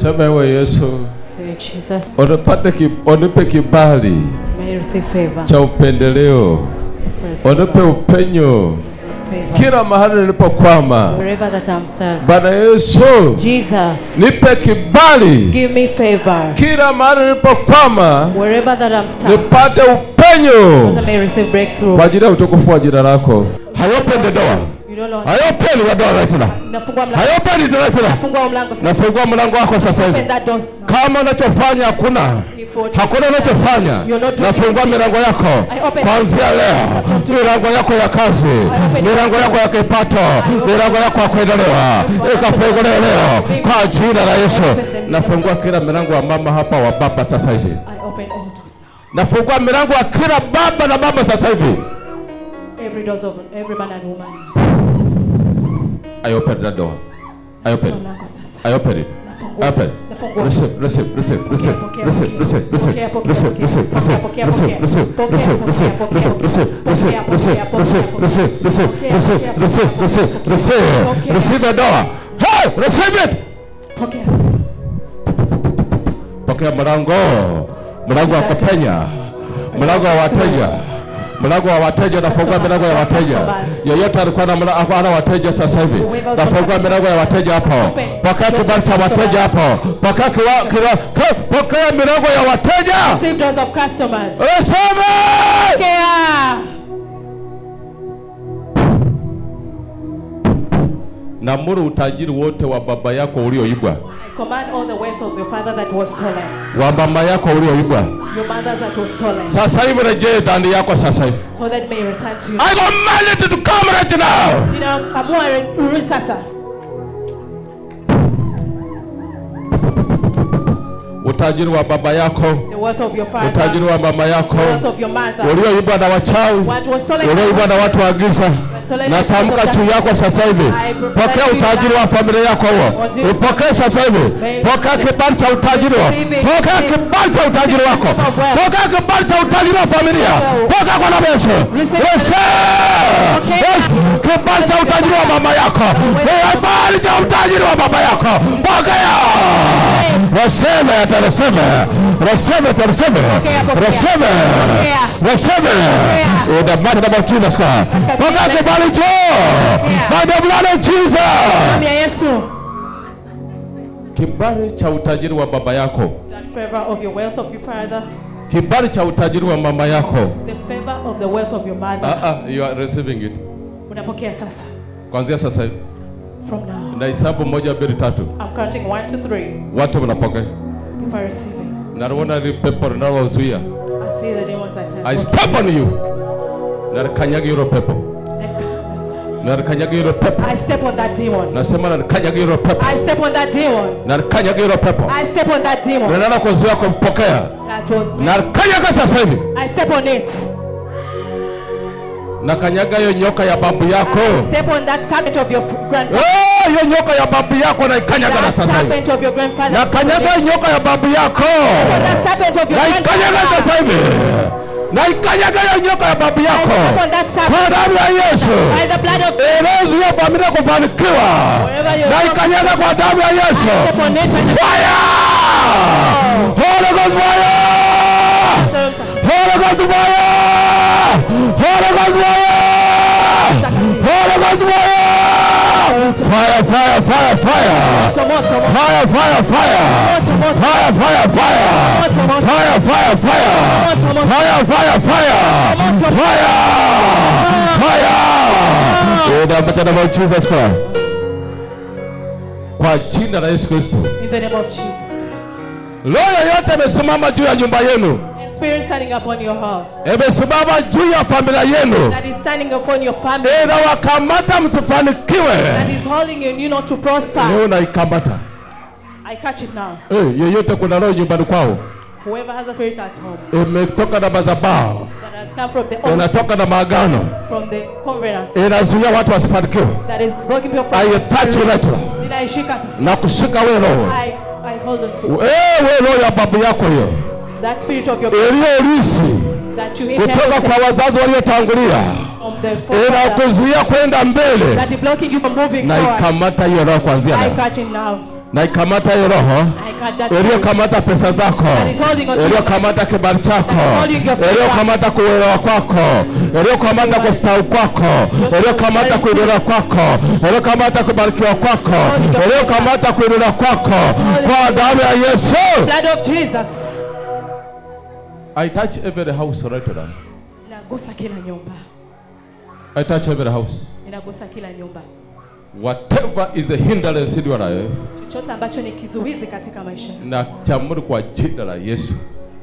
Sema ewe Yesu, onipate ki, onipe kibali cha upendeleo, onipe upenyo kila mahali nilipokwama. Bwana Yesu, Jesus, nipe kibali. Give me favor. Kila mahali nilipokwama nipate upenyo kwa ajili ya utukufu wa jina lako. Hayo pendedoa Hayopeni wadoa tena, hayopeni tena tena. Nafungua mlango wako sasa hivi, kama unachofanya hakuna hakuna unachofanya, nafungua milango yako kuanzia leo, milango yako ya kazi, milango yako ya kipato, milango yako ya kuendelea ikafunguliwe leo kwa jina la Yesu. Nafungua kila milango wa mama hapa, wa baba sasa hivi, nafungua milango wa kila baba na mama sasa hivi. Every doors of every man and woman. I open that door. I open. I open it. Open. Receive, the door. Hey, receive it. Pokea mlango, mlango wa kupenya, mlango wa wateja. Mlango wa wateja nafungua milango ya wateja. Yeyote alikuwa na mlango ana wateja sasa hivi, nafungua milango ya wateja hapo. Pokea kibali cha wateja hapo, pokea pokea milango ya wateja. Sema namuru utajiri wote wa baba yako ulioibwa Command all the wealth of your father that was stolen. Wa mama yako ulioibwa. Your mother that was stolen. Sasa hivi rejea dandi yako sasa hivi. So that may return to you. I command it to come right now. Ninaamua urudi sasa. utajiri wa baba yako, utajiri wa mama yako ulioibwa na wachawi, ulioibwa na watu wa giza Natamka juu yako sasa hivi, pokea utajiri wa familia yako huo, upokee sasa hivi. Pokea kibali cha utajiri wako, pokea kibali cha utajiri wako, pokea kibali cha utajiri wa familia, pokea kwa na Yesu. Kibali cha utajiri wa mama yako, kibali cha utajiri wa baba yako, pokea. Raseme ataraseme, raseme ataraseme, raseme, raseme. Pokea kibali authority. Yeah. By the blood of Jesus. Damu Kibali cha utajiri wa baba yako. That favor of your wealth of your father. Kibali cha utajiri wa mama yako. The favor of the wealth of your mother. Ah, ah, you are receiving it. Unapokea sasa. Kuanzia sasa hivi. From now. Na hesabu moja mbili tatu. I'm counting one, to three. Watu wanapokea. People are receiving. Naona ile pepo linalozuia. I see the demons attack. I step on you. Narakanyagi kanyaga hilo pepo. Nalikanyaga hilo pepo. I step on that demon. Nasema nalikanyaga hilo pepo. I step on that demon. Nalikanyaga hilo pepo. I step on that demon. Nilala kuzuia kumpokea. That was me. Nalikanyaga sasa hivi. I step on it. Nakanyaga hiyo nyoka ya babu yako. I step on that serpent of your grandfather. Oh, hiyo nyoka ya babu yako naikanyaga na sasa hivi. Serpent of your grandfather. Nakanyaga nyoka ya babu yako. That serpent of your grandfather. Naikanyaga sasa hivi na ikanyaga nyoka ya babu yako kwa damu ya Yesu. Elezu hiyo familia kufanikiwa, na ikanyaga kwa damu ya Yesu. Fire! Holy Ghost fire! Holy Ghost fire! Holy Ghost fire! Holy Ghost fire! fire, fire, fire, fire. Fire, fire, fire. Fire, fire, fire. Fire, fire, fire. Fire, fire, fire. Fire. Fire. Oh, Kwa jina la Yesu Kristo. Roho yoyote amesimama juu ya nyumba yenu spirit standing upon your juu ya familia yenu. That is standing upon your family. msifanikiwe. That is holding you, you to prosper. Leo naikamata. I catch it now. Eh, yeyote kuna roho nyumbani kwao. Whoever has a spirit at home. Imetoka na madhabahu. That has come from the Inatoka na maagano. From the covenant. Inazuia watu wasifanikiwe. That is blocking people from. I touch right now. Na kushika wewe roho. I I hold on to. Eh, roho ya babu yako hiyo iliyorisi kutoka kwa wazazi waliotangulia inakuzuia kwenda mbele, na ikamata hiyo roho kuanzia na ikamata hiyo roho iliyokamata pesa zako, iliyokamata kibali chako, iliyokamata kuelewa kwako, iliyokamata kustawi kwako, iliyokamata kuinuliwa kwako, iliyokamata kubarikiwa kwako, iliyokamata kuinuliwa kwako, kwa damu ya Yesu. I touch every house right now. Nagusa kila nyumba. I touch every house. Ninagusa kila nyumba. Whatever is a hindrance in your life. Chochote ambacho ni kizuizi katika maisha. Na kwa jina la Yesu.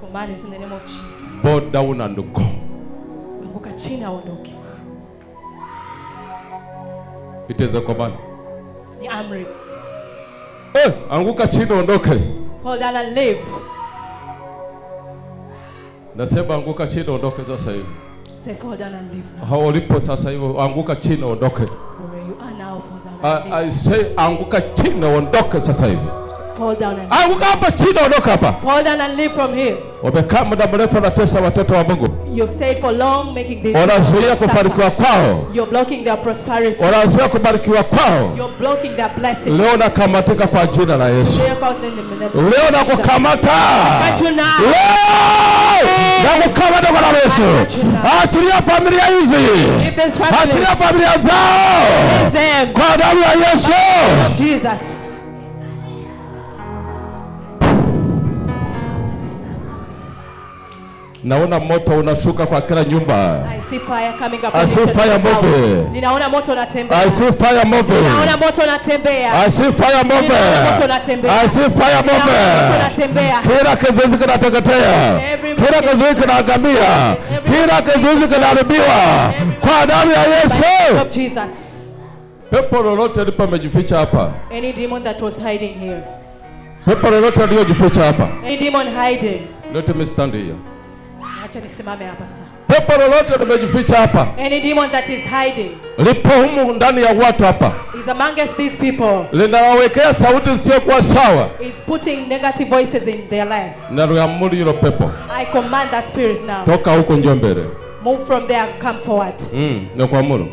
Command in the name of Jesus. Bow down and go. Anguka chini It is a command. Ni amri. Eh, anguka chini Fall down and live. Nasema anguka chini ondoke sasa hivi. Say fall down and leave now. Hao ulipo sasa hivi anguka chini ondoke. Where you are now fall down and leave. I, I say anguka chini ondoke sasa hivi. Fall down and leave. Anguka hapa chini ondoka hapa. Fall down and leave from here. Umekaa muda mrefu unatesa watoto wa Mungu. Unazuia kufanikiwa kwao, unazuia kubarikiwa kwao. Leo nakamatika kwa jina la Yesu. Leo nakukamata, nakukamata kwa damu ya Yesu. Achilia familia hizi, achilia familia zao kwa damu ya Yesu. Naona moto unashuka kwa kila nyumba. I see fire coming up. I see fire moving. Ninaona moto unatembea. I see fire moving. Ninaona moto unatembea. I see fire moving. Kila kizuizi kinateketea. Kila kizuizi kinaangamia. Kila kizuizi kinaharibiwa kwa damu ya Yesu. Pepo lolote lipo amejificha hapa. Any demon that was hiding here. Pepo lolote aliyojificha hapa. Any demon hiding. Let me stand here. Acha nisimame hapa sasa. Pepo lolote limejificha hapa. Any demon that is hiding. Lipo humu ndani ya watu hapa. Is amongst these people. Linawawekea sauti sio kwa sawa. Is putting negative voices in their lives. Naliamuru hilo pepo. I command that spirit now. Toka huko njoo mbele. Move from there come forward. Mm, na nakuamuru.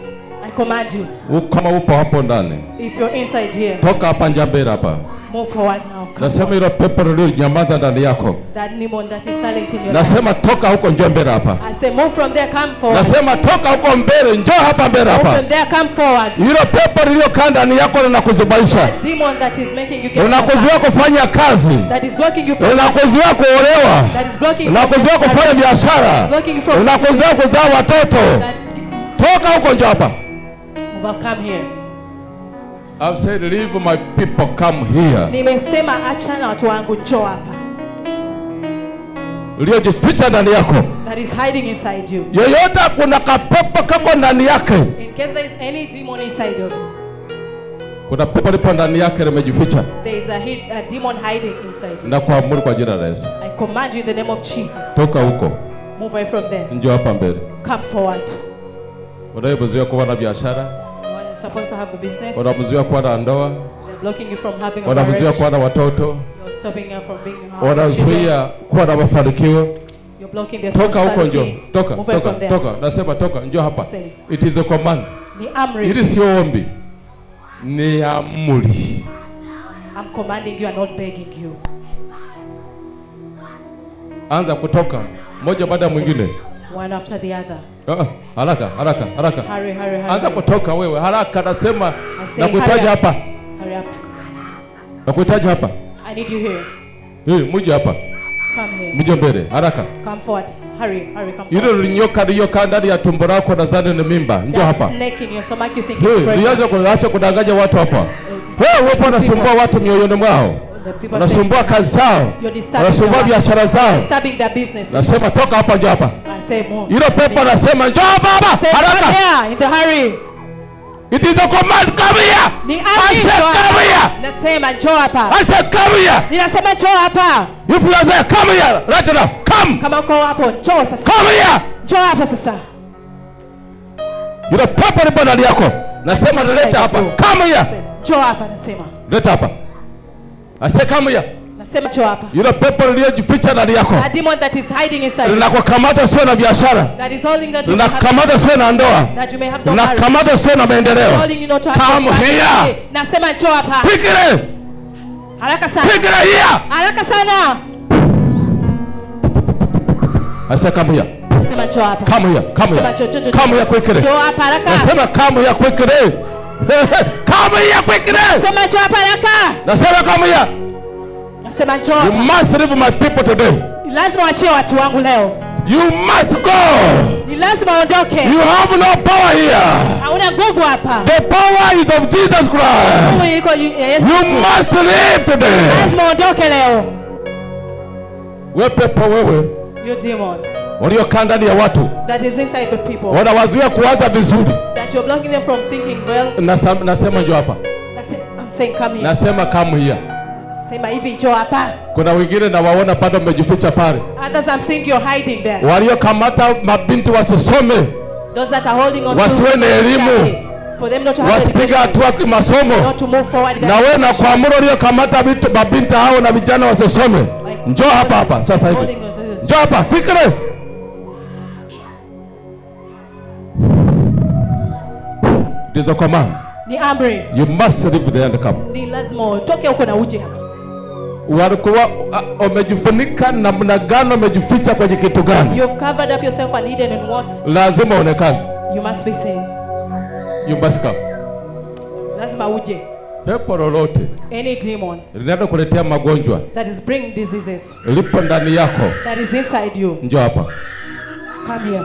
I command you. Kama upo hapo ndani. If you're inside here. Toka hapa njoo mbele hapa. Nasema hilo pepo lililonyamaza ndani yako, nasema toka huko, njoo mbele hapa. Nasema toka huko mbele, njoo hapa mbele hapa. Hilo pepo lililokaa ndani yako linakuzubaisha, linakuzuia kufanya kazi, linakuzuia kuolewa, linakuzuia kufanya biashara, linakuzuia kuzaa watoto. Toka huko, njoo hapa. I've said leave my people come here. Nimesema watu wangu hapa. Uliojificha ndani yako. That is hiding inside you. kuna kapepo kako ndani yake. In case there is any demon inside of you. Kuna pepo lipo ndani yake limejificha. There is a, hid, a demon hiding inside you. kwa jina la Yesu. I command you in the name of Jesus. Toka huko. Move away from there. hapa mbele. Come forward. kuwa na biashara wanakuzuia kuwa na ndoa, wanakuzuia kuwa na watoto, wanazuia kuwa na mafanikio. Toka huko njoo, toka, toka, toka. Nasema toka, njoo hapa. It is a command. Ni amri. Hili sio ombi. Ni amri. I'm commanding you and not begging you. Anza kutoka moja baada ya mwingine. One after the other. Uh, haraka haraka haraka, anza kutoka wewe haraka, nasema na nakuhitaji hapa, nakuhitaji hapa, muje hapa, muje mbele haraka. Hilo linyoka liliyokaa ndani ya tumbo lako nadhani ni mimba, njoo hapa, lianze kuacha kudanganya watu hapa. Wewe upo unasumbua watu mioyoni mwao wanasumbua kazi zao, wanasumbua biashara zao. Nasema toka hapa, njoo hapa. Hilo pepo anasema njoo baba, haraka. It is a command, come here. I said come here. Nasema njoo hapa. I said come here. Ninasema njoo hapa. If you are there, come here. Right now. Come. Kama uko hapo, njoo sasa. Come here. Njoo hapa sasa. Yule pepo ni bwana yako. Nasema nileta hapa. Come here. Njoo hapa nasema. Leta hapa. Nasema cho hapa. Yule pepo liliyojificha ndani yako. A demon that is hiding inside. Linakukamata sio na biashara. That is holding that. Linakukamata sio na ndoa. That you may have no marriage. Linakukamata sio na maendeleo. Come here. Nasema cho hapa. Pigire. Haraka sana. Pigire here. Haraka sana. Asa come here. Nasema cho hapa. Come here. Come here. Come here quickly. Cho hapa haraka. Nasema come here quickly. Come here Nasema njoo haraka. Nasema njoo. You must leave my people today. Lazima waachie watu wangu leo. You must go. Ni lazima ondoke. You have no power here. Hauna nguvu hapa. The power is of Jesus Christ. You must leave today. Lazima ondoke leo. Wewe pepo wewe. You demon waliokaa ndani ya watu wanawazuia kuwaza vizuri. nasema, nasema njoo hapa. Nasema come here. Kuna wengine nawaona bado mmejificha pale, waliokamata mabinti wasisome, wasiwe na elimu wasipiga hatua kimasomo, na wewe na kuamuru uliokamata mabinti hao na vijana wasisome, njoo hapa hapa sasa hivi, njoo hapa It is a command. Ni amri. You must live there and come. Ni lazima utoke huko na uje hapa. Walikuwa umejifunika ah, namna gani? Umejificha kwenye kitu gani? You have covered up yourself and hidden in what? Lazima onekane. You must be seen. You must come. Lazima uje. Pepo lolote any demon kuletea magonjwa that is bringing diseases lipo ndani yako that is inside you, njoo hapa. Come here.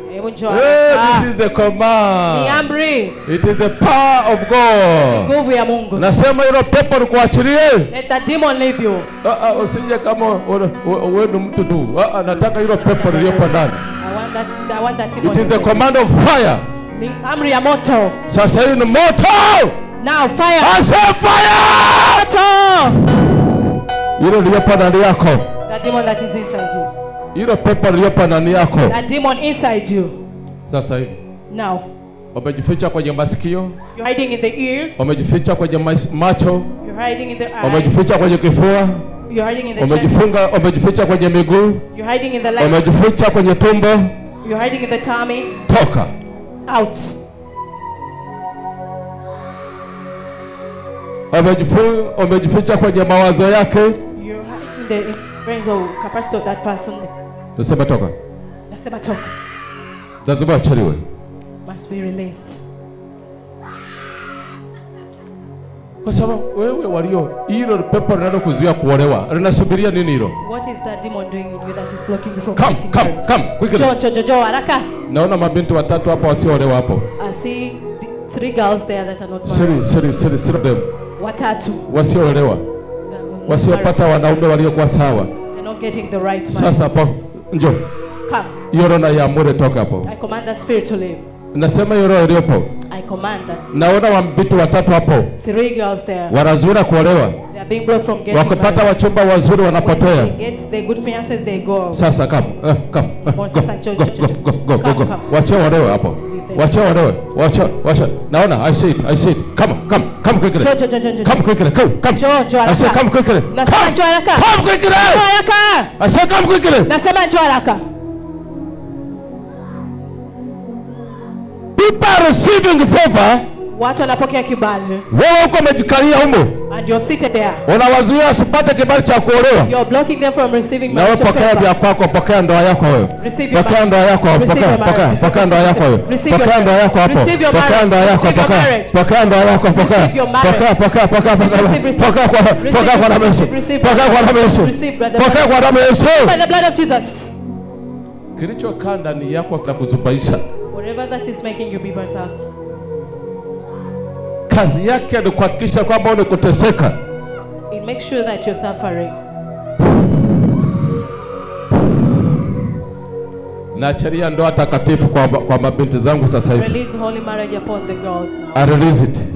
Hebu njoo. This is the command. Ni amri. It is the power of God. Nguvu ya Mungu. Nasema hilo pepo nikuachilie. Let the demon leave you. Ah, ah, usije kama wewe ni mtu tu. Ah, ah, nataka hilo pepo liliyopo ndani. I want that I want that demon. It is the command of fire. Ni amri ya moto. Sasa hii ni moto. Now fire. I say fire. Moto. Hilo liliyopo ndani yako. The demon that is inside you. Hilo pepo liliyopo ndani yako. That demon inside you. Sasa hivi. Now. Wamejificha kwenye masikio. You're hiding in the ears. Wamejificha kwenye macho. You're hiding in the eyes. Wamejificha kwenye kifua. You're hiding in the wamejifunga, wamejificha kwenye miguu. You're hiding in the legs. Wamejificha kwenye tumbo. You're hiding in the tummy. Toka. Out. umejificha kwenye mawazo yake. You're hiding in the brains or capacity of that person. Nasema toka. Nasema toka. Zanzibar achiliwe. Must be released. Kwa sababu wewe walio hilo pepo linalo kuzuia kuolewa linasubiria nini hilo? What is that demon doing in you that is blocking you from come, getting come, married? Come, quickly. Jo, jo, jo, jo, haraka. Naona mabinti watatu hapo wasioolewa hapo. I see three girls there that are not married. Sorry, sorry, sorry, sorry them. Watatu. Wasioolewa. Wasiopata wanaume waliokuwa sawa. They're not getting the right man. Sasa hapo Njoo. Come. Hiyo roho naiamuru toka hapo. I command that spirit to leave. Nasema hiyo roho iliyopo. I command that. Naona watatu hapo. Three girls there. Wanazura kuolewa. They are being blocked from getting Wakipata wachumba wazuri wanapotea. When they get the good fiances they go. Sasa come. Eh, come. Eh, go. Go. Go. Go. Go. Go. go, go, go Watch watch watch out, out, out. Watch out. Now, now, I see it. I see it. Come come come quickly. Cho cho cho cho. Come quickly. Come come. Cho cho I say come quickly. Come. cho Come quickly. Cho I say come quickly. Nasema cho People are receiving favor Watu wanapokea kibali. Wewe uko umejikalia humo. And you're seated there. Unawazuia usipate kibali cha kuolewa. You're blocking them from receiving marriage. Na pokea vya kwako, pokea ndoa yako wewe. Pokea ndoa yako, pokea, pokea, pokea ndoa yako wewe. Pokea ndoa yako hapo. Pokea ndoa yako, pokea. Pokea ndoa yako, pokea. Pokea, pokea, pokea, pokea. Pokea kwa pokea kwa damu Yesu. Pokea kwa damu Yesu. Pokea kwa damu Yesu. By the blood of Jesus. Kilichokaa ndani yako kinakuzubaisha. Whatever that is making you be berserk kazi yake ni kuhakikisha kwamba unikuteseka. It makes sure that you're suffering. Naachilia ndoa takatifu kwa, kwa mabinti zangu sasa hivi. Release holy marriage upon the girls now. I release it.